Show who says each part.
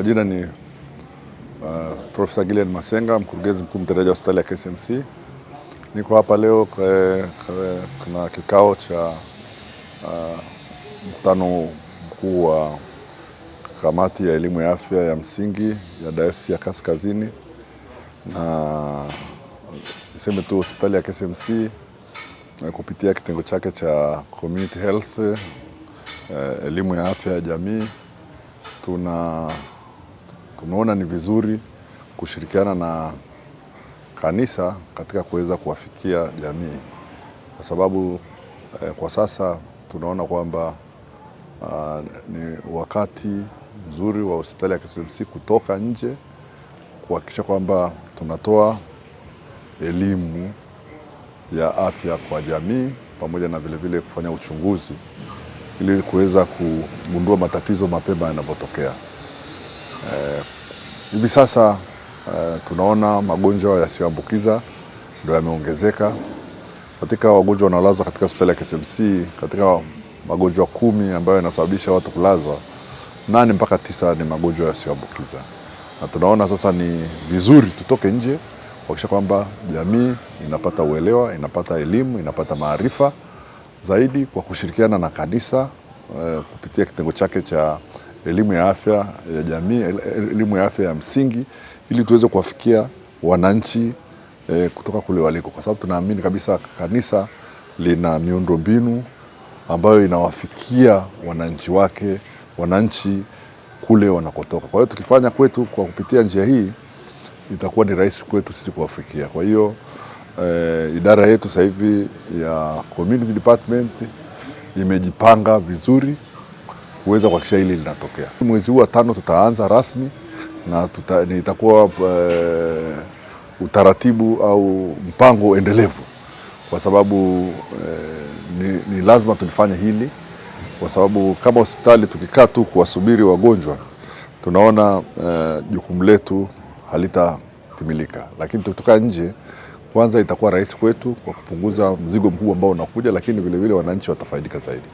Speaker 1: Kwa jina ni uh, Profesa Gillian Masenga, mkurugenzi mkuu mtendaji wa hospitali ya KCMC. Niko hapa leo kwe, kwe, kuna kikao cha uh, mkutano mkuu wa kamati ya elimu ya afya ya msingi ya Dayosisi ya Kaskazini, na niseme tu hospitali ya KCMC kupitia kitengo chake cha community health, uh, elimu ya afya ya jamii tuna tumeona ni vizuri kushirikiana na kanisa katika kuweza kuwafikia jamii kwa sababu eh, kwa sasa tunaona kwamba uh, ni wakati mzuri wa hospitali ya KCMC kutoka nje kuhakikisha kwamba tunatoa elimu ya afya kwa jamii pamoja na vilevile vile kufanya uchunguzi ili kuweza kugundua matatizo mapema yanavyotokea Eh, hivi eh, sasa eh, tunaona magonjwa yasiyoambukiza ndio yameongezeka katika wagonjwa wanaolazwa katika hospitali ya KCMC. Katika magonjwa kumi ambayo yanasababisha watu kulazwa, nane mpaka tisa ni magonjwa yasiyoambukiza, na tunaona sasa ni vizuri tutoke nje kuhakikisha kwamba jamii inapata uelewa, inapata elimu, inapata maarifa zaidi kwa kushirikiana na kanisa eh, kupitia kitengo chake cha elimu ya afya ya jamii, elimu ya afya ya msingi, ili tuweze kuwafikia wananchi e, kutoka kule waliko, kwa sababu tunaamini kabisa kanisa lina miundombinu ambayo inawafikia wananchi wake, wananchi kule wanakotoka. Kwa hiyo tukifanya kwetu kwa kupitia njia hii itakuwa ni rahisi kwetu sisi kuwafikia. Kwa hiyo e, idara yetu sasa hivi ya community department imejipanga vizuri kuweza kuhakikisha hili linatokea. Mwezi huu wa tano tutaanza rasmi na tuta, itakuwa uh, utaratibu au mpango endelevu kwa sababu uh, ni, ni lazima tulifanye hili kwa sababu kama hospitali tukikaa tu kuwasubiri wagonjwa tunaona eh, jukumu uh, letu halitatimilika, lakini tukitoka nje kwanza itakuwa rahisi kwetu kwa kupunguza mzigo mkubwa ambao unakuja, lakini vilevile wananchi watafaidika zaidi.